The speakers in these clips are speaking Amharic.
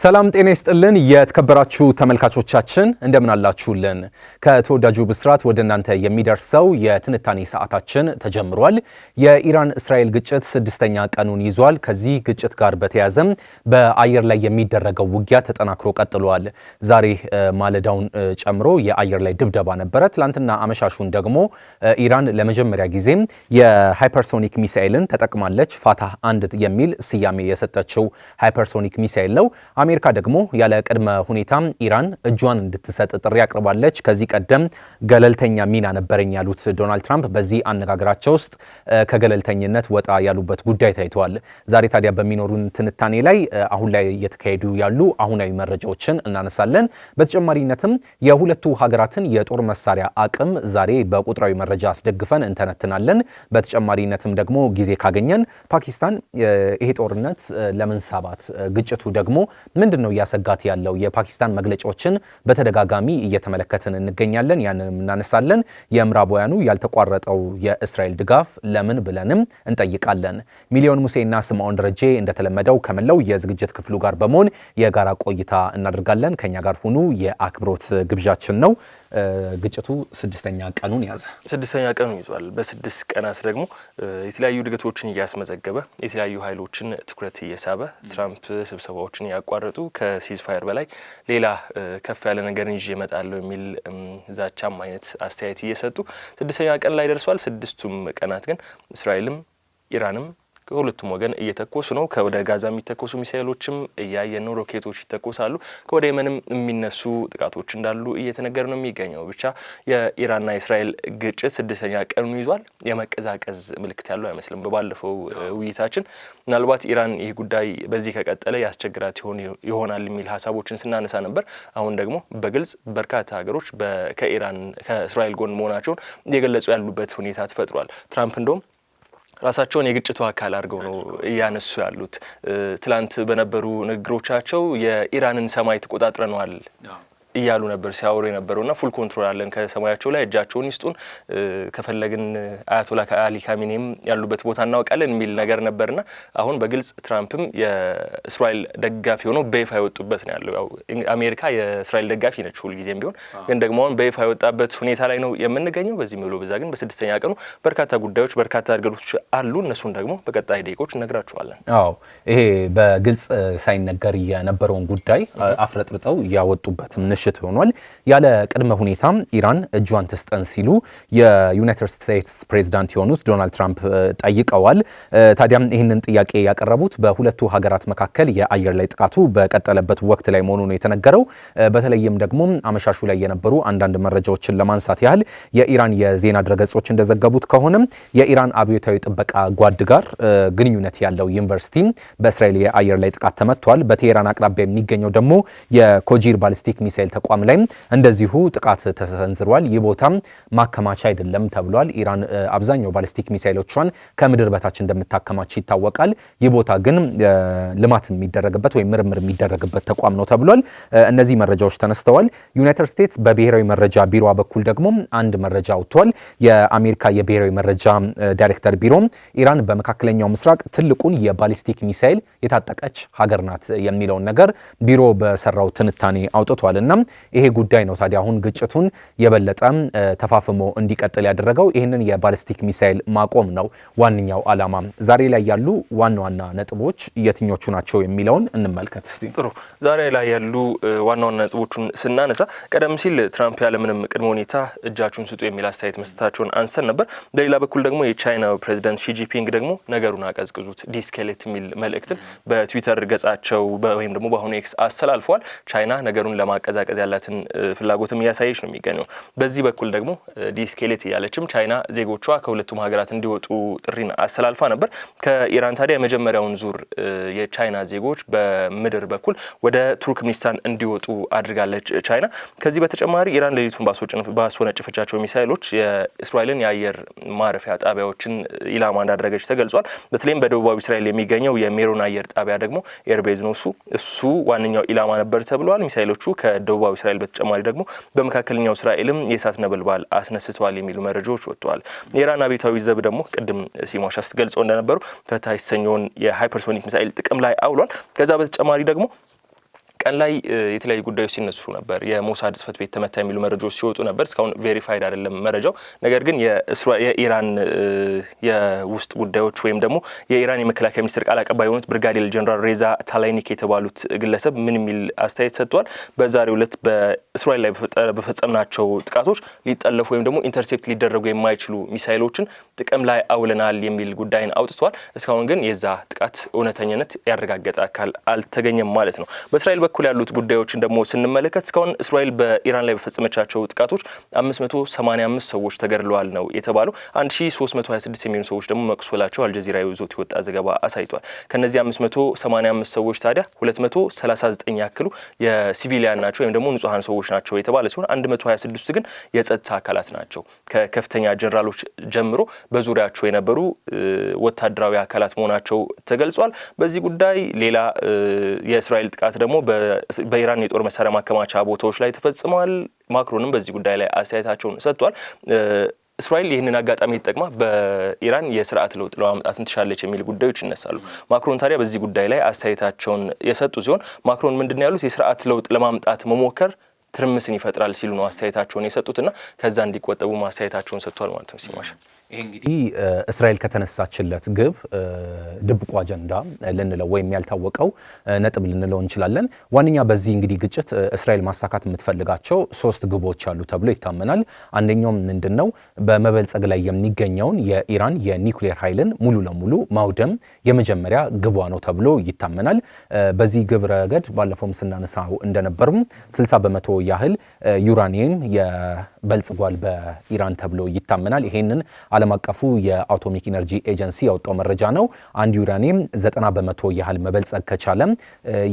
ሰላም ጤና ይስጥልን። የተከበራችሁ ተመልካቾቻችን እንደምን አላችሁልን? ከተወዳጁ ብስራት ወደ እናንተ የሚደርሰው የትንታኔ ሰዓታችን ተጀምሯል። የኢራን እስራኤል ግጭት ስድስተኛ ቀኑን ይዟል። ከዚህ ግጭት ጋር በተያያዘም በአየር ላይ የሚደረገው ውጊያ ተጠናክሮ ቀጥሏል። ዛሬ ማለዳውን ጨምሮ የአየር ላይ ድብደባ ነበረ። ትላንትና አመሻሹን ደግሞ ኢራን ለመጀመሪያ ጊዜም የሃይፐርሶኒክ ሚሳኤልን ተጠቅማለች። ፋታህ አንድ የሚል ስያሜ የሰጠችው ሃይፐርሶኒክ ሚሳኤል ነው። አሜሪካ ደግሞ ያለ ቅድመ ሁኔታም ኢራን እጇን እንድትሰጥ ጥሪ አቅርባለች። ከዚህ ቀደም ገለልተኛ ሚና ነበረኝ ያሉት ዶናልድ ትራምፕ በዚህ አነጋገራቸው ውስጥ ከገለልተኝነት ወጣ ያሉበት ጉዳይ ታይተዋል። ዛሬ ታዲያ በሚኖሩን ትንታኔ ላይ አሁን ላይ እየተካሄዱ ያሉ አሁናዊ መረጃዎችን እናነሳለን። በተጨማሪነትም የሁለቱ ሀገራትን የጦር መሳሪያ አቅም ዛሬ በቁጥራዊ መረጃ አስደግፈን እንተነትናለን። በተጨማሪነትም ደግሞ ጊዜ ካገኘን ፓኪስታን ይሄ ጦርነት ለምን ሳባት፣ ግጭቱ ደግሞ ምንድን ነው እያሰጋት ያለው? የፓኪስታን መግለጫዎችን በተደጋጋሚ እየተመለከትን እንገኛለን። ያንንም እናነሳለን። የምዕራባውያኑ ያልተቋረጠው የእስራኤል ድጋፍ ለምን ብለንም እንጠይቃለን። ሚሊዮን ሙሴና ስምዖን ደረጄ እንደተለመደው ከመላው የዝግጅት ክፍሉ ጋር በመሆን የጋራ ቆይታ እናደርጋለን። ከኛ ጋር ሁኑ የአክብሮት ግብዣችን ነው። ግጭቱ ስድስተኛ ቀኑን ያዘ። ስድስተኛ ቀኑ ይዟል። በስድስት ቀናት ደግሞ የተለያዩ እድገቶችን እያስመዘገበ የተለያዩ ኃይሎችን ትኩረት እየሳበ ትራምፕ ስብሰባዎችን እያቋረጡ ከሲዝፋየር በላይ ሌላ ከፍ ያለ ነገርን ይዤ እመጣለሁ የሚል ዛቻም አይነት አስተያየት እየሰጡ ስድስተኛ ቀን ላይ ደርሷል። ስድስቱም ቀናት ግን እስራኤልም ኢራንም ከሁለቱም ወገን እየተኮሱ ነው። ከወደ ጋዛ የሚተኮሱ ሚሳይሎችም እያየን ነው። ሮኬቶች ይተኮሳሉ። ከወደ የመንም የሚነሱ ጥቃቶች እንዳሉ እየተነገረ ነው የሚገኘው። ብቻ የኢራንና የእስራኤል ግጭት ስድስተኛ ቀኑ ይዟል። የመቀዛቀዝ ምልክት ያለው አይመስልም። በባለፈው ውይይታችን ምናልባት ኢራን ይህ ጉዳይ በዚህ ከቀጠለ ያስቸግራት ይሆናል የሚል ሀሳቦችን ስናነሳ ነበር። አሁን ደግሞ በግልጽ በርካታ ሀገሮች ከኢራን ከእስራኤል ጎን መሆናቸውን እየገለጹ ያሉበት ሁኔታ ተፈጥሯል። ትራምፕ እንደውም ራሳቸውን የግጭቱ አካል አድርገው ነው እያነሱ ያሉት። ትላንት በነበሩ ንግግሮቻቸው የኢራንን ሰማይ ተቆጣጥረነዋል እያሉ ነበር ሲያወሩ እና ፉል ኮንትሮል አለን ከሰማያቸው ላይ እጃቸውን ይስጡን ከፈለግን አያቶላ አሊ ካሚኔም ያሉበት ቦታ እናውቃለን የሚል ነገር ነበርና አሁን በግልጽ ትራምፕም የእስራኤል ደጋፊ ሆኖ በይፋ የወጡበት ነው ያለው። አሜሪካ የእስራኤል ደጋፊ ነች ሁልጊዜም ቢሆን፣ ግን ደግሞ አሁን በይፋ የወጣበት ሁኔታ ላይ ነው የምንገኘው። በዚህ ብሎ በዛ ግን በስድስተኛ ቀኑ በርካታ ጉዳዮች በርካታ እድገቶች አሉ። እነሱን ደግሞ በቀጣይ ደቂቆች እነግራችኋለን። አዎ ይሄ በግልጽ ሳይነገር የነበረውን ጉዳይ አፍረጥርጠው እያወጡበት ምሽት ሆኗል። ያለ ቅድመ ሁኔታም ኢራን እጇን ትስጠን ሲሉ የዩናይትድ ስቴትስ ፕሬዚዳንት የሆኑት ዶናልድ ትራምፕ ጠይቀዋል። ታዲያም ይህንን ጥያቄ ያቀረቡት በሁለቱ ሀገራት መካከል የአየር ላይ ጥቃቱ በቀጠለበት ወቅት ላይ መሆኑ ነው የተነገረው። በተለይም ደግሞ አመሻሹ ላይ የነበሩ አንዳንድ መረጃዎችን ለማንሳት ያህል የኢራን የዜና ድረገጾች እንደዘገቡት ከሆነም የኢራን አብዮታዊ ጥበቃ ጓድ ጋር ግንኙነት ያለው ዩኒቨርሲቲ በእስራኤል የአየር ላይ ጥቃት ተመቷል። በቴሄራን አቅራቢያ የሚገኘው ደግሞ የኮጂር ባሊስቲክ ሚሳይል የእስራኤል ተቋም ላይም እንደዚሁ ጥቃት ተሰንዝሯል። ይህ ቦታ ማከማቻ አይደለም ተብሏል። ኢራን አብዛኛው ባሊስቲክ ሚሳይሎቿን ከምድር በታች እንደምታከማች ይታወቃል። ይህ ቦታ ግን ልማት የሚደረግበት ወይም ምርምር የሚደረግበት ተቋም ነው ተብሏል። እነዚህ መረጃዎች ተነስተዋል። ዩናይትድ ስቴትስ በብሔራዊ መረጃ ቢሮ በኩል ደግሞ አንድ መረጃ አውጥቷል። የአሜሪካ የብሔራዊ መረጃ ዳይሬክተር ቢሮ ኢራን በመካከለኛው ምስራቅ ትልቁን የባሊስቲክ ሚሳይል የታጠቀች ሀገር ናት የሚለውን ነገር ቢሮ በሰራው ትንታኔ አውጥቷል እና ይሄ ጉዳይ ነው ታዲያ አሁን ግጭቱን የበለጠ ተፋፍሞ እንዲቀጥል ያደረገው። ይህንን የባሊስቲክ ሚሳይል ማቆም ነው ዋነኛው ዓላማ። ዛሬ ላይ ያሉ ዋና ዋና ነጥቦች የትኞቹ ናቸው የሚለውን እንመልከት እስቲ። ጥሩ። ዛሬ ላይ ያሉ ዋና ዋና ነጥቦቹን ስናነሳ ቀደም ሲል ትራምፕ ያለምንም ቅድመ ሁኔታ እጃችሁን ስጡ የሚል አስተያየት መስጠታቸውን አንስተን ነበር። በሌላ በኩል ደግሞ የቻይና ፕሬዚደንት ሺጂፒንግ ደግሞ ነገሩን አቀዝቅዙት ዲስኬሌት የሚል መልእክትን በትዊተር ገጻቸው ወይም ደግሞ በአሁኑ ኤክስ አስተላልፈዋል። ቻይና ነገሩን ለማቀዛቀ ለመቀዛቀዝ ያላትን ፍላጎትም እያሳየች ነው የሚገኘው። በዚህ በኩል ደግሞ ዲስኬሌት እያለችም ቻይና ዜጎቿ ከሁለቱም ሀገራት እንዲወጡ ጥሪን አስተላልፋ ነበር። ከኢራን ታዲያ የመጀመሪያውን ዙር የቻይና ዜጎች በምድር በኩል ወደ ቱርክሚኒስታን እንዲወጡ አድርጋለች ቻይና። ከዚህ በተጨማሪ ኢራን ሌሊቱን ባስወነጭፈቻቸው ሚሳይሎች የእስራኤልን የአየር ማረፊያ ጣቢያዎችን ኢላማ እንዳደረገች ተገልጿል። በተለይም በደቡባዊ እስራኤል የሚገኘው የሜሮን አየር ጣቢያ ደግሞ ኤርቤዝ ነው እሱ እሱ ዋነኛው ኢላማ ነበር ተብሏል። ሚሳይሎቹ ከደቡብ ከደቡባዊ እስራኤል በተጨማሪ ደግሞ በመካከለኛው እስራኤልም የእሳት ነበልባል አስነስተዋል የሚሉ መረጃዎች ወጥተዋል። የኢራን አብዮታዊ ዘብ ደግሞ ቅድም ሲሟሻ ስትገልጸው እንደነበሩ ፈታ የተሰኘውን የሃይፐርሶኒክ ሚሳኤል ጥቅም ላይ አውሏል። ከዛ በተጨማሪ ደግሞ ቀን ላይ የተለያዩ ጉዳዮች ሲነሱ ነበር። የሞሳድ ጽፈት ቤት ተመታ የሚሉ መረጃዎች ሲወጡ ነበር። እስካሁን ቬሪፋይድ አይደለም መረጃው። ነገር ግን የኢራን የውስጥ ጉዳዮች ወይም ደግሞ የኢራን የመከላከያ ሚኒስትር ቃል አቀባይ የሆኑት ብርጋዴር ጀኔራል ሬዛ ታላይኒክ የተባሉት ግለሰብ ምን የሚል አስተያየት ሰጥቷል በዛሬው ዕለት በእስራኤል ላይ በፈጸምናቸው ጥቃቶች ሊጠለፉ ወይም ደግሞ ኢንተርሴፕት ሊደረጉ የማይችሉ ሚሳይሎችን ጥቅም ላይ አውለናል የሚል ጉዳይን አውጥተዋል። እስካሁን ግን የዛ ጥቃት እውነተኝነት ያረጋገጠ አካል አልተገኘም ማለት ነው በእስራኤል በኩል በኩል ያሉት ጉዳዮችን ደግሞ ስንመለከት እስካሁን እስራኤል በኢራን ላይ በፈጸመቻቸው ጥቃቶች 585 ሰዎች ተገድለዋል ነው የተባለው። 1326 የሚሆኑ ሰዎች ደግሞ መቁሰላቸው አልጀዚራ ይዞት የወጣ ዘገባ አሳይቷል። ከነዚህ 585 ሰዎች ታዲያ 239 ያክሉ የሲቪሊያን ናቸው ወይም ደግሞ ንጹሐን ሰዎች ናቸው የተባለ ሲሆን 126 ግን የጸጥታ አካላት ናቸው ከከፍተኛ ጀነራሎች ጀምሮ በዙሪያቸው የነበሩ ወታደራዊ አካላት መሆናቸው ተገልጿል። በዚህ ጉዳይ ሌላ የእስራኤል ጥቃት ደግሞ በኢራን የጦር መሳሪያ ማከማቻ ቦታዎች ላይ ተፈጽመዋል። ማክሮንም በዚህ ጉዳይ ላይ አስተያየታቸውን ሰጥቷል። እስራኤል ይህንን አጋጣሚ ተጠቅማ በኢራን የስርዓት ለውጥ ለማምጣት ትሻለች የሚል ጉዳዮች ይነሳሉ። ማክሮን ታዲያ በዚህ ጉዳይ ላይ አስተያየታቸውን የሰጡ ሲሆን ማክሮን ምንድን ያሉት የስርዓት ለውጥ ለማምጣት መሞከር ትርምስን ይፈጥራል ሲሉ ነው አስተያየታቸውን የሰጡትና ከዛ እንዲቆጠቡ ማስተያየታቸውን ሰጥቷል ማለት ነው ሲማሻል ይህ እንግዲህ እስራኤል ከተነሳችለት ግብ ድብቁ አጀንዳ ልንለው ወይም ያልታወቀው ነጥብ ልንለው እንችላለን። ዋነኛ በዚህ እንግዲህ ግጭት እስራኤል ማሳካት የምትፈልጋቸው ሶስት ግቦች አሉ ተብሎ ይታመናል። አንደኛውም ምንድን ነው? በመበልጸግ ላይ የሚገኘውን የኢራን የኒውክሌር ኃይልን ሙሉ ለሙሉ ማውደም የመጀመሪያ ግቧ ነው ተብሎ ይታመናል። በዚህ ግብ ረገድ ባለፈውም ስናነሳው እንደነበርም 60 በመቶ ያህል ዩራኒየም በልጽጓል በኢራን ተብሎ ይታመናል። ይሄንን ዓለም አቀፉ የአቶሚክ ኢነርጂ ኤጀንሲ ያወጣው መረጃ ነው። አንድ ዩራኒየም ዘጠና በመቶ ያህል መበልጸግ ከቻለ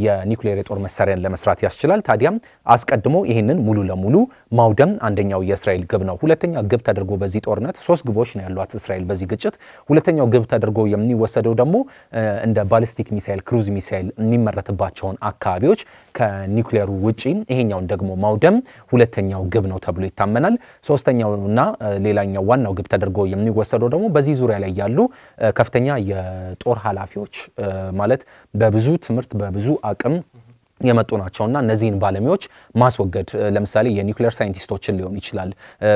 የኒውክሌር የጦር መሳሪያን ለመስራት ያስችላል። ታዲያም አስቀድሞ ይህንን ሙሉ ለሙሉ ማውደም አንደኛው የእስራኤል ግብ ነው። ሁለተኛ ግብ ተደርጎ በዚህ ጦርነት ሶስት ግቦች ነው ያሏት እስራኤል በዚህ ግጭት። ሁለተኛው ግብ ተደርጎ የሚወሰደው ደግሞ እንደ ባሊስቲክ ሚሳይል፣ ክሩዝ ሚሳይል የሚመረትባቸውን አካባቢዎች ከኒውክሌሩ ውጪ ይሄኛውን ደግሞ ማውደም ሁለተኛው ግብ ነው ተብሎ ይታመናል። ሶስተኛውና ሌላኛው ዋናው ግብ ተደርጎ የሚወሰደው ደግሞ በዚህ ዙሪያ ላይ ያሉ ከፍተኛ የጦር ኃላፊዎች ማለት በብዙ ትምህርት በብዙ አቅም የመጡ እና እነዚህን ባለሙያዎች ማስወገድ ለምሳሌ የኒውክሌር ሳይንቲስቶችን ሊሆን ይችላል።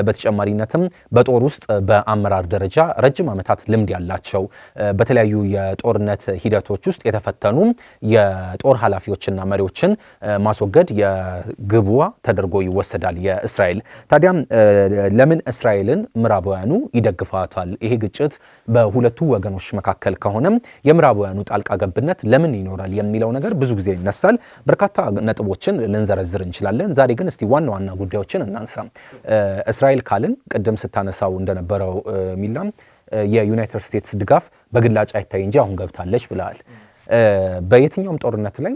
በተጨማሪነትም በጦር ውስጥ በአመራር ደረጃ ረጅም ዓመታት ልምድ ያላቸው በተለያዩ የጦርነት ሂደቶች ውስጥ የተፈተኑ የጦር ኃላፊዎችና መሪዎችን ማስወገድ የግብዋ ተደርጎ ይወሰዳል የእስራኤል። ታዲያም ለምን እስራኤልን ምዕራባውያኑ ይደግፋታል? ይሄ ግጭት በሁለቱ ወገኖች መካከል ከሆነም የምዕራባውያኑ ጣልቃ ገብነት ለምን ይኖራል የሚለው ነገር ብዙ ጊዜ ይነሳል። በርካታ ነጥቦችን ልንዘረዝር እንችላለን። ዛሬ ግን እስቲ ዋና ዋና ጉዳዮችን እናንሳ። እስራኤል ካልን ቅድም ስታነሳው እንደነበረው ሚላም የዩናይትድ ስቴትስ ድጋፍ በግላጭ አይታይ እንጂ አሁን ገብታለች ብለዋል። በየትኛውም ጦርነት ላይ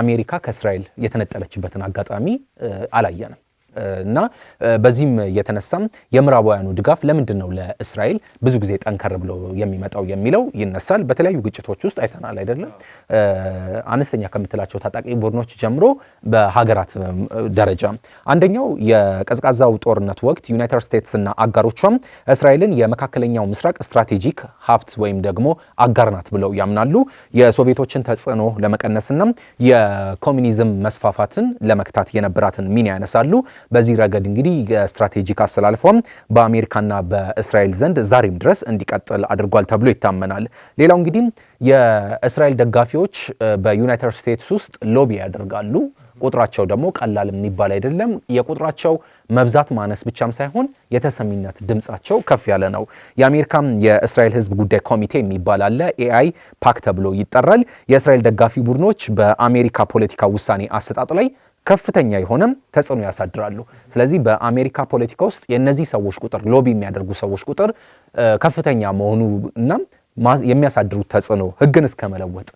አሜሪካ ከእስራኤል የተነጠለችበትን አጋጣሚ አላየንም። እና በዚህም የተነሳም የምዕራባውያኑ ድጋፍ ለምንድን ነው ለእስራኤል ብዙ ጊዜ ጠንከር ብሎ የሚመጣው የሚለው ይነሳል። በተለያዩ ግጭቶች ውስጥ አይተናል አይደለም። አነስተኛ ከምትላቸው ታጣቂ ቡድኖች ጀምሮ በሀገራት ደረጃ አንደኛው የቀዝቃዛው ጦርነት ወቅት ዩናይትድ ስቴትስ እና አጋሮቿም እስራኤልን የመካከለኛው ምስራቅ ስትራቴጂክ ሀብት ወይም ደግሞ አጋር ናት ብለው ያምናሉ። የሶቪየቶችን ተጽዕኖ ለመቀነስና የኮሚኒዝም መስፋፋትን ለመክታት የነበራትን ሚና ያነሳሉ። በዚህ ረገድ እንግዲህ የስትራቴጂክ አስተላልፏም በአሜሪካና በእስራኤል ዘንድ ዛሬም ድረስ እንዲቀጥል አድርጓል ተብሎ ይታመናል። ሌላው እንግዲህ የእስራኤል ደጋፊዎች በዩናይትድ ስቴትስ ውስጥ ሎቢ ያደርጋሉ። ቁጥራቸው ደግሞ ቀላል የሚባል አይደለም። የቁጥራቸው መብዛት ማነስ ብቻም ሳይሆን የተሰሚነት ድምጻቸው ከፍ ያለ ነው። የአሜሪካም የእስራኤል ሕዝብ ጉዳይ ኮሚቴ የሚባል አለ። ኤአይ ፓክ ተብሎ ይጠራል። የእስራኤል ደጋፊ ቡድኖች በአሜሪካ ፖለቲካ ውሳኔ አሰጣጥ ላይ ከፍተኛ የሆነም ተጽዕኖ ያሳድራሉ። ስለዚህ በአሜሪካ ፖለቲካ ውስጥ የእነዚህ ሰዎች ቁጥር ሎቢ የሚያደርጉ ሰዎች ቁጥር ከፍተኛ መሆኑ እና የሚያሳድሩት ተጽዕኖ ህግን እስከ መለወጥ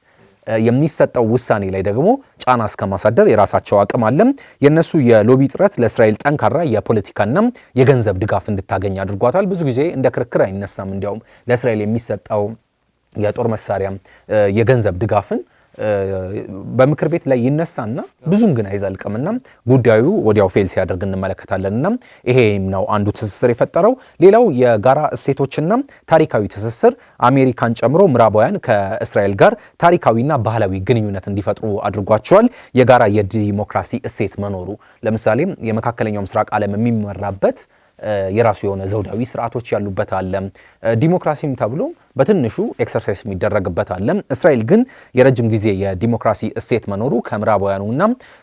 የሚሰጠው ውሳኔ ላይ ደግሞ ጫና እስከ ማሳደር የራሳቸው አቅም አለም። የእነሱ የሎቢ ጥረት ለእስራኤል ጠንካራ የፖለቲካና የገንዘብ ድጋፍ እንድታገኝ አድርጓታል። ብዙ ጊዜ እንደ ክርክር አይነሳም። እንዲያውም ለእስራኤል የሚሰጠው የጦር መሳሪያ የገንዘብ ድጋፍን በምክር ቤት ላይ ይነሳና ብዙም ግን አይዘልቅምና ጉዳዩ ወዲያው ፌል ሲያደርግ እንመለከታለንና ይሄም ነው አንዱ ትስስር የፈጠረው። ሌላው የጋራ እሴቶችና ታሪካዊ ትስስር አሜሪካን ጨምሮ ምዕራባውያን ከእስራኤል ጋር ታሪካዊና ባህላዊ ግንኙነት እንዲፈጥሩ አድርጓቸዋል። የጋራ የዲሞክራሲ እሴት መኖሩ ለምሳሌ የመካከለኛው ምስራቅ ዓለም የሚመራበት የራሱ የሆነ ዘውዳዊ ስርዓቶች ያሉበት አለ። ዲሞክራሲም ተብሎ በትንሹ ኤክሰርሳይዝ የሚደረግበት አለ እስራኤል ግን የረጅም ጊዜ የዲሞክራሲ እሴት መኖሩ ከምዕራባውያኑና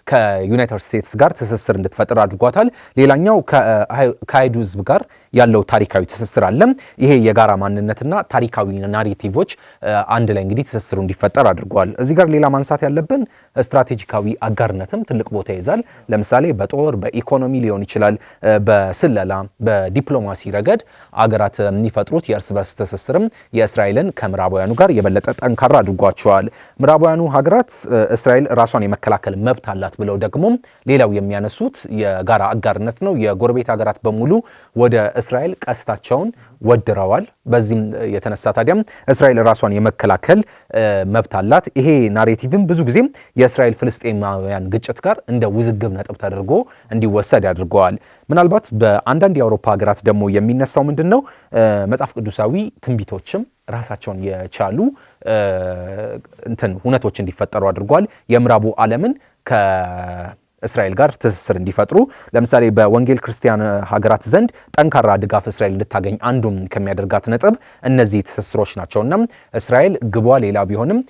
ከዩናይትድ ስቴትስ ጋር ትስስር እንድትፈጥር አድርጓታል። ሌላኛው ከአይሁድ ህዝብ ጋር ያለው ታሪካዊ ትስስር አለ። ይሄ የጋራ ማንነትና ታሪካዊ ናሬቲቮች አንድ ላይ እንግዲህ ትስስሩ እንዲፈጠር አድርጓል። እዚህ ጋር ሌላ ማንሳት ያለብን ስትራቴጂካዊ አጋርነትም ትልቅ ቦታ ይይዛል። ለምሳሌ በጦር በኢኮኖሚ ሊሆን ይችላል፣ በስለላ በዲፕሎማሲ ረገድ አገራት የሚፈጥሩት የእርስ በርስ ትስስርም የእስራኤልን ከምዕራባውያኑ ጋር የበለጠ ጠንካራ አድርጓቸዋል። ምዕራባውያኑ ሀገራት እስራኤል ራሷን የመከላከል መብት አላት ብለው ደግሞ ሌላው የሚያነሱት የጋራ አጋርነት ነው። የጎረቤት ሀገራት በሙሉ ወደ እስራኤል ቀስታቸውን ወድረዋል። በዚህም የተነሳ ታዲያም እስራኤል ራሷን የመከላከል መብት አላት። ይሄ ናሬቲቭም ብዙ ጊዜም የእስራኤል ፍልስጤማውያን ግጭት ጋር እንደ ውዝግብ ነጥብ ተደርጎ እንዲወሰድ ያድርገዋል። ምናልባት በአንዳንድ የአውሮፓ ሀገራት ደግሞ የሚነሳው ምንድን ነው መጽሐፍ ቅዱሳዊ ትንቢቶችም ራሳቸውን የቻሉ እንትን ሁነቶች እንዲፈጠሩ አድርጓል። የምዕራቡ ዓለምን ከ እስራኤል ጋር ትስስር እንዲፈጥሩ ለምሳሌ በወንጌል ክርስቲያን ሀገራት ዘንድ ጠንካራ ድጋፍ እስራኤል እንድታገኝ አንዱም ከሚያደርጋት ነጥብ እነዚህ ትስስሮች ናቸውና እስራኤል ግቧ ሌላ ቢሆንም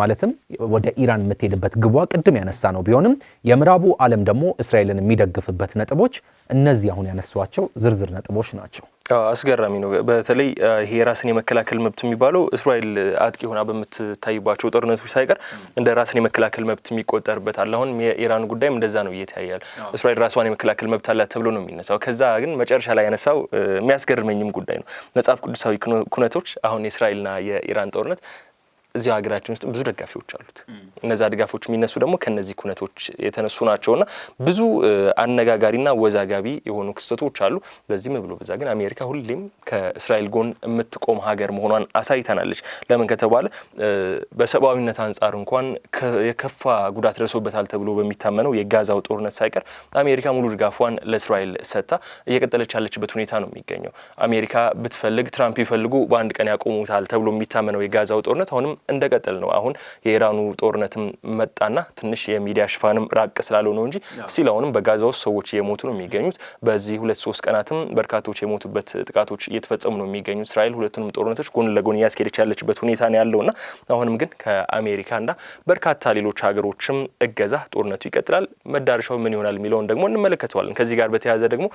ማለትም ወደ ኢራን የምትሄድበት ግቧ ቅድም ያነሳ ነው ቢሆንም የምዕራቡ ዓለም ደግሞ እስራኤልን የሚደግፍበት ነጥቦች እነዚህ አሁን ያነሷቸው ዝርዝር ነጥቦች ናቸው። አስገራሚ ነው። በተለይ ይሄ የራስን የመከላከል መብት የሚባለው እስራኤል አጥቂ ሆና በምትታይባቸው ጦርነቶች ሳይቀር እንደ ራስን የመከላከል መብት የሚቆጠርበት አለ። አሁን የኢራን ጉዳይም እንደዛ ነው እየተያያል። እስራኤል ራሷን የመከላከል መብት አላት ተብሎ ነው የሚነሳው። ከዛ ግን መጨረሻ ላይ ያነሳው የሚያስገርመኝም ጉዳይ ነው። መጽሐፍ ቅዱሳዊ ኩነቶች አሁን የእስራኤልና የኢራን ጦርነት እዚያ ሀገራችን ውስጥ ብዙ ደጋፊዎች አሉት። እነዛ ድጋፎች የሚነሱ ደግሞ ከነዚህ ኩነቶች የተነሱ ናቸውና ብዙ አነጋጋሪና ወዛጋቢ የሆኑ ክስተቶች አሉ። በዚህም ብሎ በዛ ግን አሜሪካ ሁሌም ከእስራኤል ጎን የምትቆም ሀገር መሆኗን አሳይተናለች። ለምን ከተባለ በሰብአዊነት አንጻር እንኳን የከፋ ጉዳት ደርሶበታል ተብሎ በሚታመነው የጋዛው ጦርነት ሳይቀር አሜሪካ ሙሉ ድጋፏን ለእስራኤል ሰጥታ እየቀጠለች ያለችበት ሁኔታ ነው የሚገኘው። አሜሪካ ብትፈልግ ትራምፕ ይፈልጉ በአንድ ቀን ያቆሙታል ተብሎ የሚታመነው የጋዛው ጦርነት አሁንም እንደቀጠል ነው። አሁን የኢራኑ ጦርነትም መጣና ትንሽ የሚዲያ ሽፋንም ራቅ ስላለው ነው እንጂ ስቲል አሁንም በጋዛ ውስጥ ሰዎች እየሞቱ ነው የሚገኙት። በዚህ ሁለት ሶስት ቀናትም በርካቶች የሞቱበት ጥቃቶች እየተፈጸሙ ነው የሚገኙት። እስራኤል ሁለቱንም ጦርነቶች ጎን ለጎን እያስኬደች ያለችበት ሁኔታ ነው ያለውና አሁንም ግን ከአሜሪካና በርካታ ሌሎች ሀገሮችም እገዛ ጦርነቱ ይቀጥላል። መዳረሻው ምን ይሆናል የሚለውን ደግሞ እንመለከተዋለን። ከዚህ ጋር በተያያዘ ደግሞ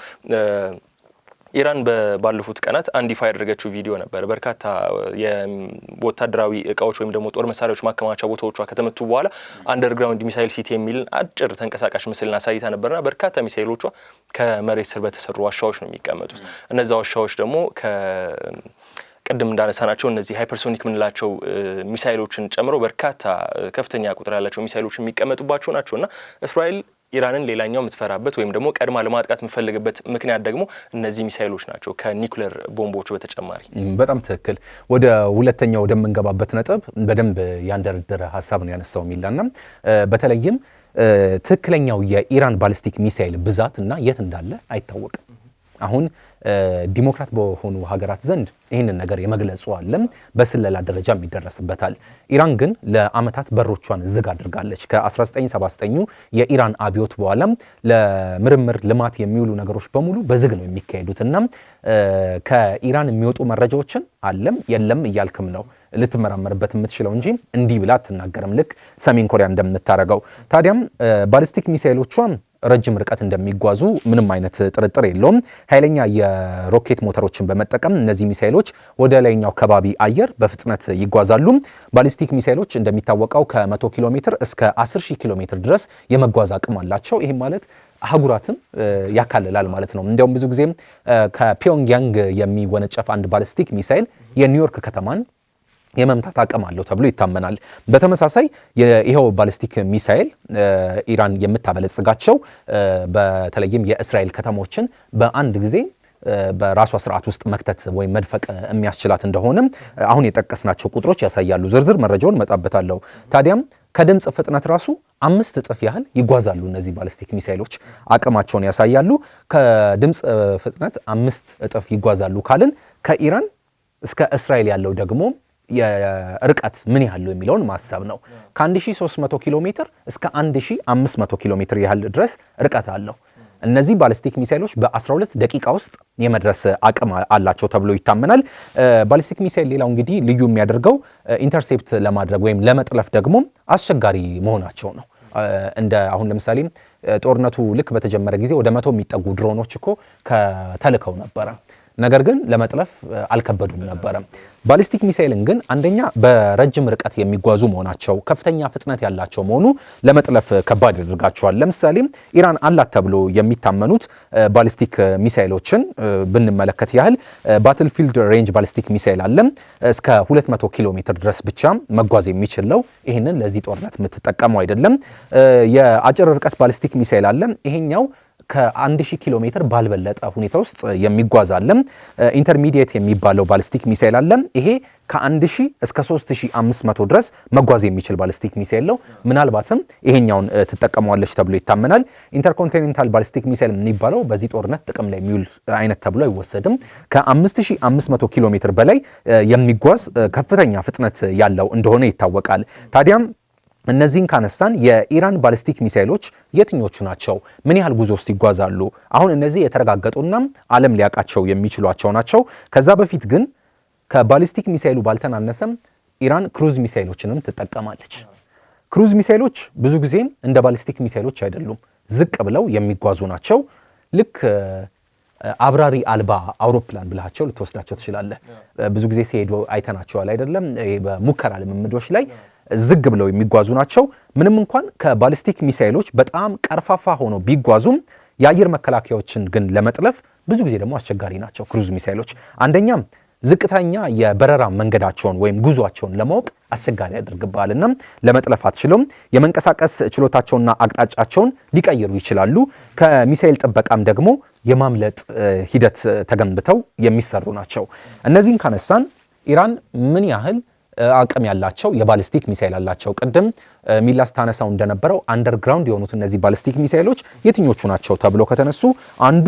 ኢራን ባለፉት ቀናት አንድ ይፋ ያደረገችው ቪዲዮ ነበር። በርካታ የወታደራዊ እቃዎች ወይም ደግሞ ጦር መሳሪያዎች ማከማቻ ቦታዎቿ ከተመቱ በኋላ አንደርግራውንድ ሚሳይል ሲቲ የሚልን አጭር ተንቀሳቃሽ ምስልን አሳይታ ነበርና በርካታ ሚሳይሎቿ ከመሬት ስር በተሰሩ ዋሻዎች ነው የሚቀመጡት። እነዚ ዋሻዎች ደግሞ ቅድም እንዳነሳናቸው እነዚህ ሃይፐርሶኒክ የምንላቸው ሚሳይሎችን ጨምሮ በርካታ ከፍተኛ ቁጥር ያላቸው ሚሳይሎች የሚቀመጡባቸው ናቸው እና እስራኤል ኢራንን ሌላኛው የምትፈራበት ወይም ደግሞ ቀድማ ለማጥቃት የምፈልግበት ምክንያት ደግሞ እነዚህ ሚሳይሎች ናቸው፣ ከኒኩሌር ቦምቦች በተጨማሪ። በጣም ትክክል። ወደ ሁለተኛው ወደምንገባበት ነጥብ በደንብ ያንደረደረ ሀሳብ ነው ያነሳው ሚላና በተለይም ትክክለኛው የኢራን ባሊስቲክ ሚሳይል ብዛት እና የት እንዳለ አይታወቅም። አሁን ዲሞክራት በሆኑ ሀገራት ዘንድ ይህንን ነገር የመግለጹ አለም በስለላ ደረጃም ይደረስበታል። ኢራን ግን ለአመታት በሮቿን ዝግ አድርጋለች። ከ1979 የኢራን አብዮት በኋላም ለምርምር ልማት የሚውሉ ነገሮች በሙሉ በዝግ ነው የሚካሄዱት እና ከኢራን የሚወጡ መረጃዎችን አለም የለም እያልክም ነው ልትመራመርበት የምትችለው እንጂ እንዲህ ብላ አትናገርም፣ ልክ ሰሜን ኮሪያ እንደምታደርገው። ታዲያም ባሊስቲክ ሚሳይሎቿ ረጅም ርቀት እንደሚጓዙ ምንም አይነት ጥርጥር የለውም። ኃይለኛ የሮኬት ሞተሮችን በመጠቀም እነዚህ ሚሳይሎች ወደ ላይኛው ከባቢ አየር በፍጥነት ይጓዛሉ። ባሊስቲክ ሚሳይሎች እንደሚታወቀው ከ100 ኪሎ ሜትር እስከ 10000 ኪሎ ሜትር ድረስ የመጓዝ አቅም አላቸው። ይህም ማለት አህጉራትን ያካልላል ማለት ነው። እንዲያውም ብዙ ጊዜም ከፒዮንግያንግ የሚወነጨፍ አንድ ባሊስቲክ ሚሳይል የኒውዮርክ ከተማን የመምታት አቅም አለው ተብሎ ይታመናል። በተመሳሳይ ይኸው ባሊስቲክ ሚሳኤል ኢራን የምታበለጽጋቸው በተለይም የእስራኤል ከተሞችን በአንድ ጊዜ በራሷ ስርዓት ውስጥ መክተት ወይም መድፈቅ የሚያስችላት እንደሆነም አሁን የጠቀስናቸው ቁጥሮች ያሳያሉ። ዝርዝር መረጃውን መጣበታለሁ። ታዲያም ከድምፅ ፍጥነት ራሱ አምስት እጥፍ ያህል ይጓዛሉ። እነዚህ ባለስቲክ ሚሳይሎች አቅማቸውን ያሳያሉ። ከድምፅ ፍጥነት አምስት እጥፍ ይጓዛሉ ካልን ከኢራን እስከ እስራኤል ያለው ደግሞ ርቀት ምን ያህል የሚለውን ማሰብ ነው። ከ1300 ኪሎ ሜትር እስከ 1500 ኪሎ ሜትር ያህል ድረስ ርቀት አለው። እነዚህ ባሊስቲክ ሚሳይሎች በ12 ደቂቃ ውስጥ የመድረስ አቅም አላቸው ተብሎ ይታመናል። ባሊስቲክ ሚሳይል ሌላው እንግዲህ ልዩ የሚያደርገው ኢንተርሴፕት ለማድረግ ወይም ለመጥለፍ ደግሞ አስቸጋሪ መሆናቸው ነው። እንደ አሁን ለምሳሌ ጦርነቱ ልክ በተጀመረ ጊዜ ወደ መቶ የሚጠጉ ድሮኖች እኮ ከተልከው ነበረ። ነገር ግን ለመጥለፍ አልከበዱም ነበረ። ባሊስቲክ ሚሳይልን ግን አንደኛ በረጅም ርቀት የሚጓዙ መሆናቸው ከፍተኛ ፍጥነት ያላቸው መሆኑ ለመጥለፍ ከባድ ያደርጋቸዋል። ለምሳሌ ኢራን አላት ተብሎ የሚታመኑት ባሊስቲክ ሚሳይሎችን ብንመለከት ያህል ባትልፊልድ ሬንጅ ባሊስቲክ ሚሳይል አለ። እስከ 200 ኪሎ ሜትር ድረስ ብቻ መጓዝ የሚችል ነው። ይህንን ለዚህ ጦርነት የምትጠቀመው አይደለም። የአጭር ርቀት ባሊስቲክ ሚሳይል አለ። ይሄኛው ከ1000 ኪሎ ሜትር ባልበለጠ ሁኔታ ውስጥ የሚጓዝ አለ። ኢንተርሚዲየት የሚባለው ባልስቲክ ሚሳይል አለ። ይሄ ከ1000 እስከ 3500 ድረስ መጓዝ የሚችል ባልስቲክ ሚሳይል ነው። ምናልባትም ይሄኛውን ትጠቀመዋለች ተብሎ ይታመናል። ኢንተርኮንቲኔንታል ባሊስቲክ ሚሳይል የሚባለው በዚህ ጦርነት ጥቅም ላይ የሚውል አይነት ተብሎ አይወሰድም። ከ5500 ኪሎ ሜትር በላይ የሚጓዝ ከፍተኛ ፍጥነት ያለው እንደሆነ ይታወቃል። ታዲያም እነዚህን ካነሳን የኢራን ባሊስቲክ ሚሳይሎች የትኞቹ ናቸው? ምን ያህል ጉዞ ውስጥ ይጓዛሉ? አሁን እነዚህ የተረጋገጡና ዓለም ሊያውቃቸው የሚችሏቸው ናቸው። ከዛ በፊት ግን ከባሊስቲክ ሚሳይሉ ባልተናነሰም ኢራን ክሩዝ ሚሳይሎችንም ትጠቀማለች። ክሩዝ ሚሳይሎች ብዙ ጊዜም እንደ ባሊስቲክ ሚሳይሎች አይደሉም፣ ዝቅ ብለው የሚጓዙ ናቸው። ልክ አብራሪ አልባ አውሮፕላን ብልሃቸው ልትወስዳቸው ትችላለህ። ብዙ ጊዜ ሲሄዱ አይተናቸዋል አይደለም? በሙከራ ልምምዶች ላይ ዝግ ብለው የሚጓዙ ናቸው። ምንም እንኳን ከባሊስቲክ ሚሳይሎች በጣም ቀርፋፋ ሆነው ቢጓዙም የአየር መከላከያዎችን ግን ለመጥለፍ ብዙ ጊዜ ደግሞ አስቸጋሪ ናቸው ክሩዝ ሚሳይሎች። አንደኛም ዝቅተኛ የበረራ መንገዳቸውን ወይም ጉዟቸውን ለማወቅ አስቸጋሪ ያደርግብሃልና ለመጥለፍ አትችሉም። የመንቀሳቀስ ችሎታቸውና አቅጣጫቸውን ሊቀይሩ ይችላሉ። ከሚሳኤል ጥበቃም ደግሞ የማምለጥ ሂደት ተገንብተው የሚሰሩ ናቸው። እነዚህን ካነሳን ኢራን ምን ያህል አቅም ያላቸው የባሊስቲክ ሚሳይል አላቸው። ቅድም ሚላ ስታነሳው እንደነበረው አንደርግራውንድ የሆኑት እነዚህ ባሊስቲክ ሚሳይሎች የትኞቹ ናቸው ተብሎ ከተነሱ አንዱ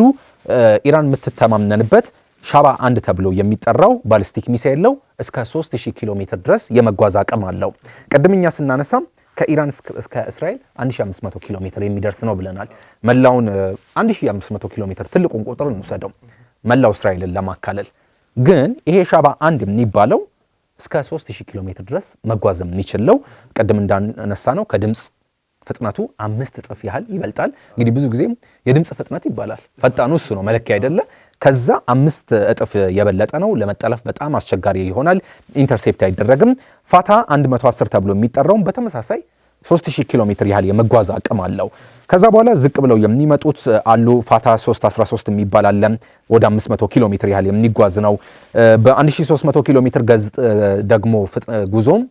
ኢራን የምትተማመንበት ሻባ አንድ ተብሎ የሚጠራው ባሊስቲክ ሚሳይል ነው። እስከ 3000 ኪሎ ሜትር ድረስ የመጓዝ አቅም አለው። ቅድምኛ ስናነሳም ከኢራን እስከ እስራኤል 1500 ኪሎ ሜትር የሚደርስ ነው ብለናል። መላውን 1500 ኪሎ ሜትር ትልቁን ቁጥር እንውሰደው መላው እስራኤልን ለማካለል ግን ይሄ ሻባ አንድ የሚባለው እስከ 3000 ኪሎ ሜትር ድረስ መጓዝ የሚችል ቅድም እንዳነሳ ነው ከድምፅ ፍጥነቱ አምስት እጥፍ ያህል ይበልጣል። እንግዲህ ብዙ ጊዜ የድምፅ ፍጥነት ይባላል። ፈጣኑ እሱ ነው መለኪያ አይደለ። ከዛ አምስት እጥፍ የበለጠ ነው። ለመጠለፍ በጣም አስቸጋሪ ይሆናል። ኢንተርሴፕት አይደረግም። ፋታ 110 ተብሎ የሚጠራውም በተመሳሳይ 3000 ኪሎ ሜትር ያህል የመጓዝ አቅም አለው። ከዛ በኋላ ዝቅ ብለው የሚመጡት አሉ። ፋታ 313 የሚባል አለ። ወደ 500 ኪሎ ሜትር ያህል የሚጓዝ ነው። በ1300 ኪሎ ሜትር ገዝ ደግሞ ጉዞም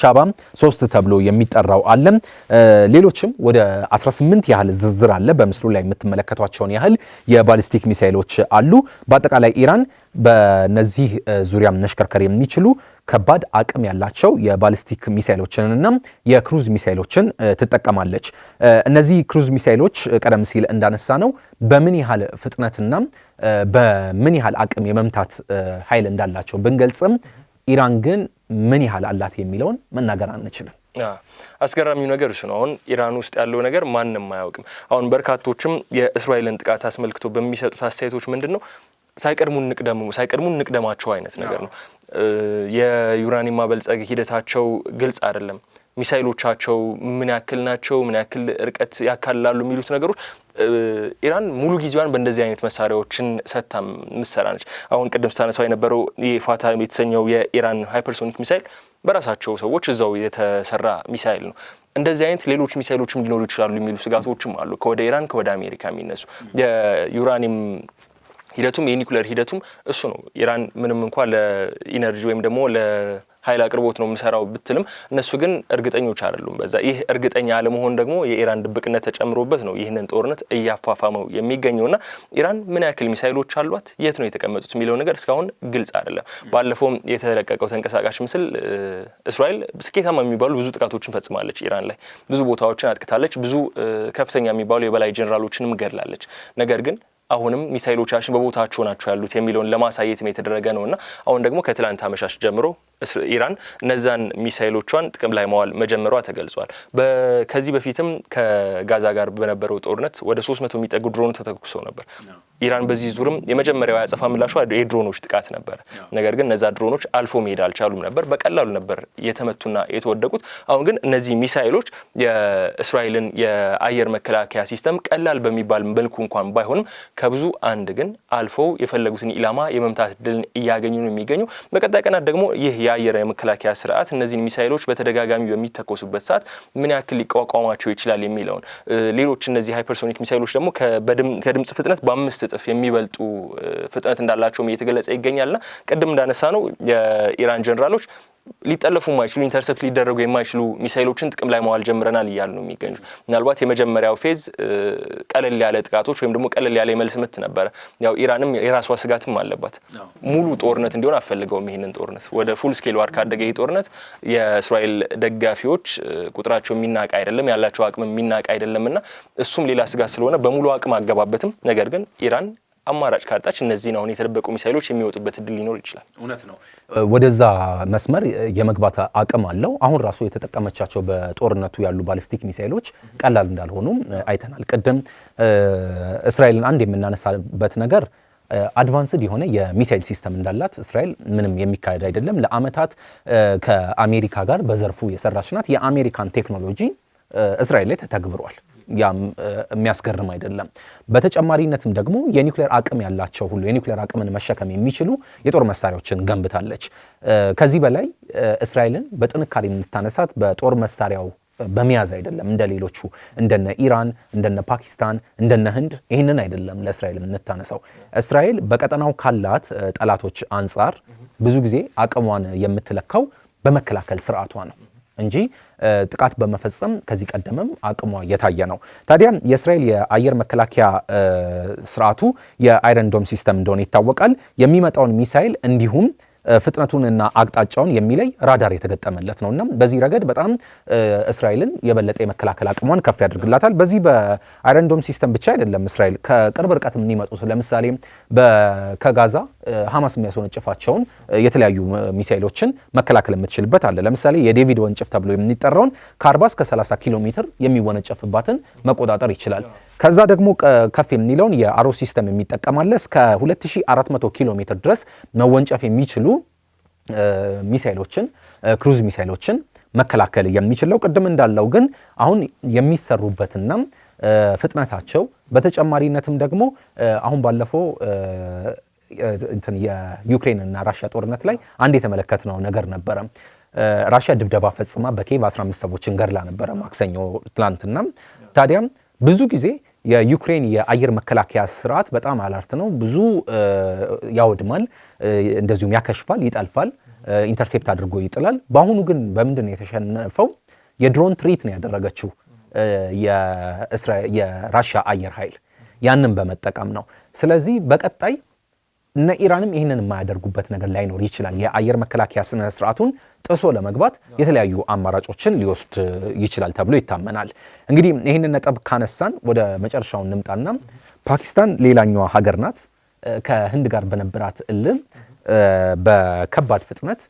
ሻባም ሶስት ተብሎ የሚጠራው አለ። ሌሎችም ወደ 18 ያህል ዝርዝር አለ። በምስሉ ላይ የምትመለከቷቸውን ያህል የባሊስቲክ ሚሳይሎች አሉ። በአጠቃላይ ኢራን በነዚህ ዙሪያ መሽከርከር የሚችሉ ከባድ አቅም ያላቸው የባሊስቲክ ሚሳይሎችን እና የክሩዝ ሚሳይሎችን ትጠቀማለች። እነዚህ ክሩዝ ሚሳይሎች ቀደም ሲል እንዳነሳ ነው በምን ያህል ፍጥነትና በምን ያህል አቅም የመምታት ኃይል እንዳላቸው ብንገልጽም ኢራን ግን ምን ያህል አላት የሚለውን መናገር አንችልም። አስገራሚው ነገር እሱ ነው። አሁን ኢራን ውስጥ ያለው ነገር ማንም አያውቅም። አሁን በርካቶችም የእስራኤልን ጥቃት አስመልክቶ በሚሰጡት አስተያየቶች ምንድን ነው ሳይቀድሙን ንቅደሙ ሳይቀድሙን ንቅደማቸው አይነት ነገር ነው። የዩራኒየም ማበልጸግ ሂደታቸው ግልጽ አይደለም። ሚሳይሎቻቸው ምን ያክል ናቸው? ምን ያክል ርቀት ያካልላሉ? የሚሉት ነገሮች ኢራን ሙሉ ጊዜዋን በእንደዚህ አይነት መሳሪያዎችን ሰታ ምሰራ ነች። አሁን ቅድም ስታነሳው የነበረው የፋታ የተሰኘው የኢራን ሃይፐርሶኒክ ሚሳይል በራሳቸው ሰዎች እዛው የተሰራ ሚሳይል ነው። እንደዚህ አይነት ሌሎች ሚሳይሎችም ሊኖሩ ይችላሉ የሚሉ ስጋቶችም አሉ፣ ከወደ ኢራን ከወደ አሜሪካ የሚነሱ የዩራኒየም ሂደቱም የኒኩሌር ሂደቱም እሱ ነው። ኢራን ምንም እንኳ ለኢነርጂ ወይም ደግሞ ለኃይል አቅርቦት ነው የምሰራው ብትልም እነሱ ግን እርግጠኞች አይደሉም በዛ። ይህ እርግጠኛ አለመሆን ደግሞ የኢራን ድብቅነት ተጨምሮበት ነው ይህንን ጦርነት እያፋፋመው የሚገኘው እና ኢራን ምን ያክል ሚሳይሎች አሏት፣ የት ነው የተቀመጡት የሚለው ነገር እስካሁን ግልጽ አይደለም። ባለፈውም የተለቀቀው ተንቀሳቃሽ ምስል እስራኤል ስኬታማ የሚባሉ ብዙ ጥቃቶችን ፈጽማለች። ኢራን ላይ ብዙ ቦታዎችን አጥቅታለች። ብዙ ከፍተኛ የሚባሉ የበላይ ጀኔራሎችንም ገድላለች። ነገር ግን አሁንም ሚሳይሎቻችን በቦታቸው ናቸው ያሉት የሚለውን ለማሳየትም የተደረገ ነውእና አሁን ደግሞ ከትላንት አመሻሽ ጀምሮ ኢራን እነዛን ሚሳይሎቿን ጥቅም ላይ ማዋል መጀመሯ ተገልጿል። ከዚህ በፊትም ከጋዛ ጋር በነበረው ጦርነት ወደ 300 የሚጠጉ ድሮኖች ተተኩሰው ነበር። ኢራን በዚህ ዙርም የመጀመሪያው ያጸፋ ምላሿ የድሮኖች ጥቃት ነበር። ነገር ግን እነዛ ድሮኖች አልፎ መሄድ አልቻሉም ነበር። በቀላሉ ነበር የተመቱና የተወደቁት። አሁን ግን እነዚህ ሚሳይሎች የእስራኤልን የአየር መከላከያ ሲስተም ቀላል በሚባል መልኩ እንኳን ባይሆንም ከብዙ አንድ ግን አልፎ የፈለጉትን ኢላማ የመምታት ድልን እያገኙ ነው የሚገኙ በቀጣይ ቀናት ደግሞ ይህ የአየር የመከላከያ ስርዓት እነዚህን ሚሳይሎች በተደጋጋሚ በሚተኮሱበት ሰዓት ምን ያክል ሊቋቋማቸው ይችላል የሚለውን ሌሎች እነዚህ ሃይፐርሶኒክ ሚሳይሎች ደግሞ ከድምፅ ፍጥነት በአምስት እጥፍ የሚበልጡ ፍጥነት እንዳላቸውም እየተገለጸ ይገኛልና ቅድም እንዳነሳ ነው የኢራን ጀኔራሎች ሊጠለፉ የማይችሉ ኢንተርሴፕት ሊደረጉ የማይችሉ ሚሳይሎችን ጥቅም ላይ መዋል ጀምረናል እያሉ ነው የሚገኙ። ምናልባት የመጀመሪያው ፌዝ ቀለል ያለ ጥቃቶች ወይም ደግሞ ቀለል ያለ የመልስ ምት ነበረ። ያው ኢራንም የራሷ ስጋትም አለባት። ሙሉ ጦርነት እንዲሆን አፈልገውም። ይህንን ጦርነት ወደ ፉል ስኬል ዋር ካደገ ይህ ጦርነት የእስራኤል ደጋፊዎች ቁጥራቸው የሚናቅ አይደለም፣ ያላቸው አቅም የሚናቅ አይደለም እና እሱም ሌላ ስጋት ስለሆነ በሙሉ አቅም አገባበትም። ነገር ግን ኢራን አማራጭ ካጣች እነዚህን አሁን የተደበቁ ሚሳይሎች የሚወጡበት እድል ሊኖር ይችላል። እውነት ነው። ወደዛ መስመር የመግባት አቅም አለው። አሁን ራሱ የተጠቀመቻቸው በጦርነቱ ያሉ ባሊስቲክ ሚሳይሎች ቀላል እንዳልሆኑም አይተናል። ቅድም እስራኤልን አንድ የምናነሳበት ነገር አድቫንስድ የሆነ የሚሳይል ሲስተም እንዳላት እስራኤል ምንም የሚካሄድ አይደለም። ለአመታት ከአሜሪካ ጋር በዘርፉ የሰራች ናት። የአሜሪካን ቴክኖሎጂ እስራኤል ላይ ተተግብሯል። ያም የሚያስገርም አይደለም። በተጨማሪነትም ደግሞ የኒውክሌር አቅም ያላቸው ሁሉ የኒውክሌር አቅምን መሸከም የሚችሉ የጦር መሳሪያዎችን ገንብታለች። ከዚህ በላይ እስራኤልን በጥንካሬ የምታነሳት በጦር መሳሪያው በመያዝ አይደለም። እንደ ሌሎቹ እንደነ ኢራን፣ እንደነ ፓኪስታን፣ እንደነ ህንድ ይህንን አይደለም ለእስራኤል የምታነሳው። እስራኤል በቀጠናው ካላት ጠላቶች አንጻር ብዙ ጊዜ አቅሟን የምትለካው በመከላከል ስርዓቷ ነው እንጂ ጥቃት በመፈጸም ከዚህ ቀደምም አቅሟ እየታየ ነው። ታዲያ የእስራኤል የአየር መከላከያ ስርዓቱ የአይረን ዶም ሲስተም እንደሆነ ይታወቃል። የሚመጣውን ሚሳይል እንዲሁም ፍጥነቱንና አቅጣጫውን የሚለይ ራዳር የተገጠመለት ነው። እና በዚህ ረገድ በጣም እስራኤልን የበለጠ የመከላከል አቅሟን ከፍ ያደርግላታል። በዚህ በአይረንዶም ሲስተም ብቻ አይደለም እስራኤል ከቅርብ ርቀት የሚመጡት ለምሳሌ ከጋዛ ሐማስ የሚያስወነጭፋቸውን የተለያዩ ሚሳይሎችን መከላከል የምትችልበት አለ። ለምሳሌ የዴቪድ ወንጭፍ ተብሎ የሚጠራውን ከ40 እስከ 30 ኪሎ ሜትር የሚወነጨፍባትን መቆጣጠር ይችላል። ከዛ ደግሞ ከፍ የሚለውን የአሮ ሲስተም የሚጠቀማለ እስከ 2400 ኪሎ ሜትር ድረስ መወንጨፍ የሚችሉ ሚሳይሎችን ክሩዝ ሚሳይሎችን መከላከል የሚችለው ቅድም እንዳለው ግን አሁን የሚሰሩበትና ፍጥነታቸው በተጨማሪነትም ደግሞ አሁን ባለፈው የዩክሬን እና ራሽያ ጦርነት ላይ አንድ የተመለከትነው ነገር ነበረ። ራሽያ ድብደባ ፈጽማ በኬቭ 15 ሰዎችን ገድላ ነበረ ማክሰኞ ትላንትና። ታዲያም ብዙ ጊዜ የዩክሬን የአየር መከላከያ ስርዓት በጣም አላርት ነው። ብዙ ያወድማል፣ እንደዚሁም ያከሽፋል፣ ይጠልፋል፣ ኢንተርሴፕት አድርጎ ይጥላል። በአሁኑ ግን በምንድን ነው የተሸነፈው? የድሮን ትርኢት ነው ያደረገችው የራሻ አየር ኃይል ያንን በመጠቀም ነው። ስለዚህ በቀጣይ እነ ኢራንም ይህንን የማያደርጉበት ነገር ላይኖር ይችላል። የአየር መከላከያ ስነ ስርዓቱን ጥሶ ለመግባት የተለያዩ አማራጮችን ሊወስድ ይችላል ተብሎ ይታመናል። እንግዲህ ይህንን ነጥብ ካነሳን ወደ መጨረሻው እንምጣና ፓኪስታን ሌላኛዋ ሀገር ናት። ከህንድ ጋር በነበራት እልም በከባድ ፍጥነት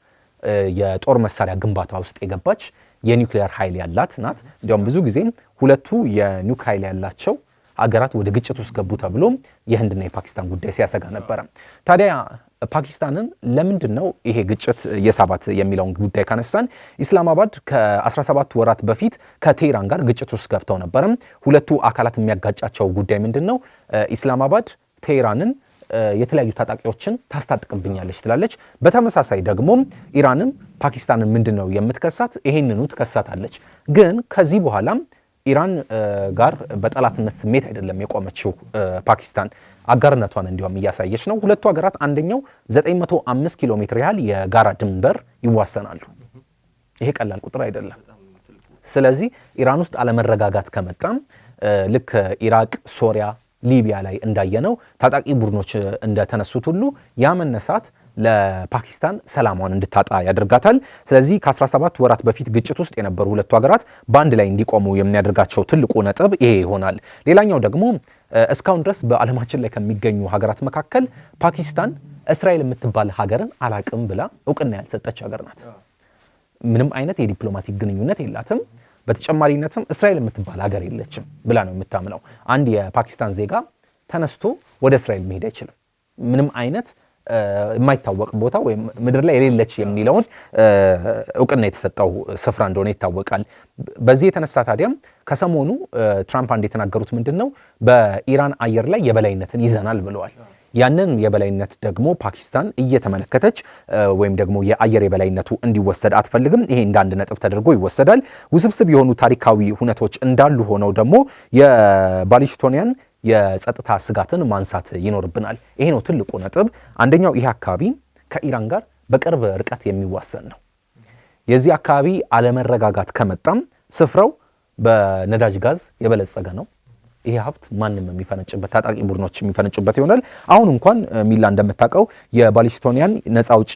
የጦር መሳሪያ ግንባታ ውስጥ የገባች የኒውክሊየር ኃይል ያላት ናት። እንዲያውም ብዙ ጊዜ ሁለቱ የኒውክ ኃይል ያላቸው አገራት ወደ ግጭት ውስጥ ገቡ ተብሎ የህንድና የፓኪስታን ጉዳይ ሲያሰጋ ነበረ። ታዲያ ፓኪስታንን ለምንድን ነው ይሄ ግጭት የሳባት የሚለውን ጉዳይ ካነሳን ኢስላማባድ ከ17 ወራት በፊት ከቴህራን ጋር ግጭት ውስጥ ገብተው ነበረ። ሁለቱ አካላት የሚያጋጫቸው ጉዳይ ምንድን ነው? ኢስላማባድ ቴህራንን የተለያዩ ታጣቂዎችን ታስታጥቅብኛለች ትላለች። በተመሳሳይ ደግሞ ኢራንም ፓኪስታንን ምንድን ነው የምትከሳት? ይሄንኑ ትከሳታለች። ግን ከዚህ በኋላም ኢራን ጋር በጠላትነት ስሜት አይደለም የቆመችው ፓኪስታን አጋርነቷን እንዲሁም እያሳየች ነው። ሁለቱ ሀገራት አንደኛው 905 ኪሎ ሜትር ያህል የጋራ ድንበር ይዋሰናሉ። ይሄ ቀላል ቁጥር አይደለም። ስለዚህ ኢራን ውስጥ አለመረጋጋት ከመጣም ልክ ኢራቅ፣ ሶሪያ፣ ሊቢያ ላይ እንዳየነው ታጣቂ ቡድኖች እንደተነሱት ሁሉ ያ መነሳት ለፓኪስታን ሰላሟን እንድታጣ ያደርጋታል። ስለዚህ ከ17 ወራት በፊት ግጭት ውስጥ የነበሩ ሁለቱ ሀገራት በአንድ ላይ እንዲቆሙ የሚያደርጋቸው ትልቁ ነጥብ ይሄ ይሆናል። ሌላኛው ደግሞ እስካሁን ድረስ በዓለማችን ላይ ከሚገኙ ሀገራት መካከል ፓኪስታን እስራኤል የምትባል ሀገርን አላቅም ብላ እውቅና ያልሰጠች ሀገር ናት። ምንም አይነት የዲፕሎማቲክ ግንኙነት የላትም። በተጨማሪነትም እስራኤል የምትባል ሀገር የለችም ብላ ነው የምታምነው። አንድ የፓኪስታን ዜጋ ተነስቶ ወደ እስራኤል መሄድ አይችልም። ምንም አይነት የማይታወቅ ቦታ ወይም ምድር ላይ የሌለች የሚለውን እውቅና የተሰጠው ስፍራ እንደሆነ ይታወቃል። በዚህ የተነሳ ታዲያም ከሰሞኑ ትራምፕ አንድ የተናገሩት ምንድን ነው? በኢራን አየር ላይ የበላይነትን ይዘናል ብለዋል። ያንን የበላይነት ደግሞ ፓኪስታን እየተመለከተች ወይም ደግሞ የአየር የበላይነቱ እንዲወሰድ አትፈልግም። ይሄ እንደ አንድ ነጥብ ተደርጎ ይወሰዳል። ውስብስብ የሆኑ ታሪካዊ ሁነቶች እንዳሉ ሆነው ደግሞ የባሊሽቶኒያን የጸጥታ ስጋትን ማንሳት ይኖርብናል። ይሄ ነው ትልቁ ነጥብ። አንደኛው ይሄ አካባቢ ከኢራን ጋር በቅርብ ርቀት የሚዋሰን ነው። የዚህ አካባቢ አለመረጋጋት ከመጣም ስፍራው በነዳጅ ጋዝ የበለጸገ ነው። ይሄ ሀብት ማንም የሚፈነጭበት ታጣቂ ቡድኖች የሚፈነጩበት ይሆናል። አሁን እንኳን ሚላ እንደምታውቀው የባሊስቶኒያን ነፃ አውጪ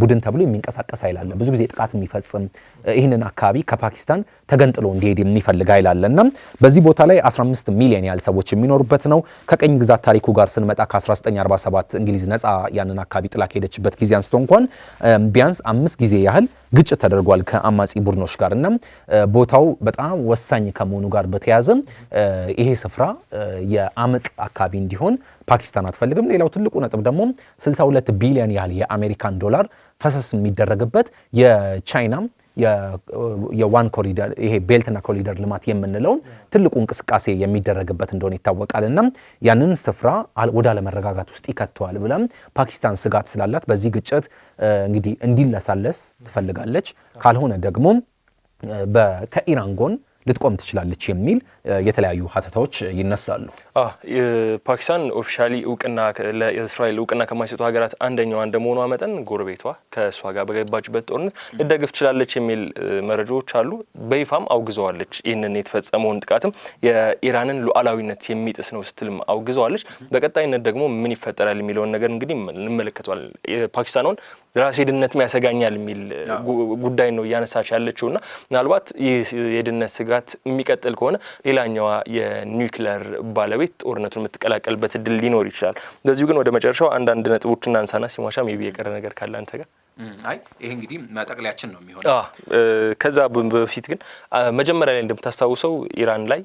ቡድን ተብሎ የሚንቀሳቀስ ኃይል አለ። ብዙ ጊዜ ጥቃት የሚፈጽም ይህንን አካባቢ ከፓኪስታን ተገንጥሎ እንዲሄድ የሚፈልግ ኃይል አለና በዚህ ቦታ ላይ 15 ሚሊዮን ያህል ሰዎች የሚኖሩበት ነው። ከቀኝ ግዛት ታሪኩ ጋር ስንመጣ ከ1947 እንግሊዝ ነጻ ያንን አካባቢ ጥላ ከሄደችበት ጊዜ አንስቶ እንኳን ቢያንስ አምስት ጊዜ ያህል ግጭት ተደርጓል ከአማጺ ቡድኖች ጋር እና ቦታው በጣም ወሳኝ ከመሆኑ ጋር በተያያዘ ይሄ ስፍራ የአመፅ አካባቢ እንዲሆን ፓኪስታን አትፈልግም። ሌላው ትልቁ ነጥብ ደግሞ 62 ቢሊዮን ያህል የአሜሪካን ዶላር ፈሰስ የሚደረግበት የቻይና የዋን ኮሪደር ይሄ ቤልትና ኮሪደር ልማት የምንለውን ትልቁ እንቅስቃሴ የሚደረግበት እንደሆነ ይታወቃል። እና ያንን ስፍራ ወደ አለመረጋጋት ውስጥ ይከተዋል ብለም ፓኪስታን ስጋት ስላላት በዚህ ግጭት እንግዲህ እንዲለሳለስ ትፈልጋለች። ካልሆነ ደግሞ ከኢራን ጎን ልትቆም ትችላለች የሚል የተለያዩ ሀተታዎች ይነሳሉ። ፓኪስታን ኦፊሻሊ እውቅና ለእስራኤል እውቅና ከማይሰጡ ሀገራት አንደኛዋ እንደመሆኗ መጠን ጎረቤቷ ከእሷ ጋር በገባችበት ጦርነት ልደግፍ ትችላለች የሚል መረጃዎች አሉ። በይፋም አውግዘዋለች። ይህንን የተፈጸመውን ጥቃትም የኢራንን ሉዓላዊነት የሚጥስ ነው ስትልም አውግዘዋለች። በቀጣይነት ደግሞ ምን ይፈጠራል የሚለውን ነገር እንግዲህ እንመለከተዋል። ፓኪስታን ራሴ ድህነትም ያሰጋኛል የሚል ጉዳይ ነው እያነሳች ያለችው እና ምናልባት ይህ የድህነት ስጋት የሚቀጥል ከሆነ ሌላኛዋ የኒውክለር ባለቤት ጦርነቱን የምትቀላቀልበት እድል ሊኖር ይችላል። እንደዚሁ ግን ወደ መጨረሻው አንዳንድ ነጥቦች እናንሳና ሲሟሻ ቢ የቀረ ነገር ካለ አንተ ጋር አይ ይሄ እንግዲህ ማጠቅለያችን ነው የሚሆነው። ከዛ በፊት ግን መጀመሪያ ላይ እንደምታስታውሰው ኢራን ላይ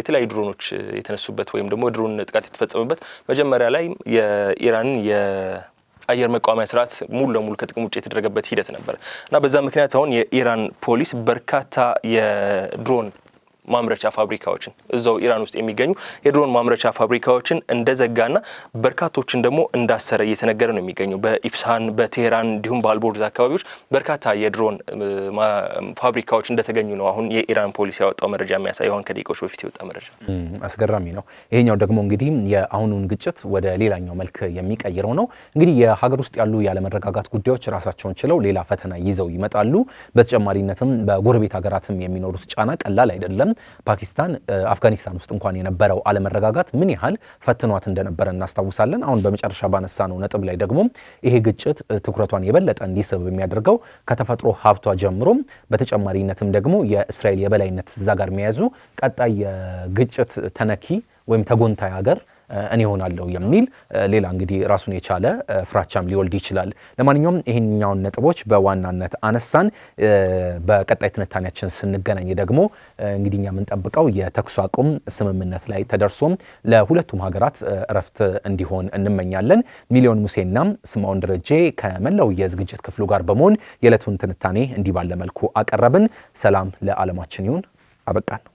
የተለያዩ ድሮኖች የተነሱበት ወይም ደግሞ ድሮን ጥቃት የተፈጸመበት መጀመሪያ ላይ የኢራንን አየር መቃወሚያ ስርዓት ሙሉ ለሙሉ ከጥቅም ውጭ የተደረገበት ሂደት ነበር እና በዛ ምክንያት አሁን የኢራን ፖሊስ በርካታ የድሮን ማምረቻ ፋብሪካዎችን እዛው ኢራን ውስጥ የሚገኙ የድሮን ማምረቻ ፋብሪካዎችን እንደዘጋና በርካቶችን ደግሞ እንዳሰረ እየተነገረ ነው የሚገኘው። በኢፍሳን በቴሄራን እንዲሁም በአልቦርዝ አካባቢዎች በርካታ የድሮን ፋብሪካዎች እንደተገኙ ነው አሁን የኢራን ፖሊስ ያወጣው መረጃ የሚያሳይ አሁን ከደቂቃዎች በፊት የወጣ መረጃ። አስገራሚ ነው። ይሄኛው ደግሞ እንግዲህ የአሁኑን ግጭት ወደ ሌላኛው መልክ የሚቀይረው ነው። እንግዲህ የሀገር ውስጥ ያሉ ያለመረጋጋት ጉዳዮች ራሳቸውን ችለው ሌላ ፈተና ይዘው ይመጣሉ። በተጨማሪነትም በጎረቤት ሀገራትም የሚኖሩት ጫና ቀላል አይደለም። ፓኪስታን አፍጋኒስታን ውስጥ እንኳን የነበረው አለመረጋጋት ምን ያህል ፈትኗት እንደነበረ እናስታውሳለን። አሁን በመጨረሻ ባነሳ ነው ነጥብ ላይ ደግሞ ይሄ ግጭት ትኩረቷን የበለጠ እንዲስብ የሚያደርገው ከተፈጥሮ ሀብቷ ጀምሮም በተጨማሪነትም ደግሞ የእስራኤል የበላይነት እዛ ጋር መያዙ ቀጣይ የግጭት ተነኪ ወይም ተጎንታይ ሀገር እኔ ሆናለሁ የሚል ሌላ እንግዲህ ራሱን የቻለ ፍራቻም ሊወልድ ይችላል። ለማንኛውም ይህኛውን ነጥቦች በዋናነት አነሳን። በቀጣይ ትንታኔያችን ስንገናኝ ደግሞ እንግዲህ እኛ የምንጠብቀው የተኩስ አቁም ስምምነት ላይ ተደርሶም ለሁለቱም ሀገራት እረፍት እንዲሆን እንመኛለን። ሚሊዮን ሙሴና ስምዖን ደረጄ ከመላው የዝግጅት ክፍሉ ጋር በመሆን የዕለቱን ትንታኔ እንዲህ ባለ መልኩ አቀረብን። ሰላም ለዓለማችን ይሁን። አበቃን።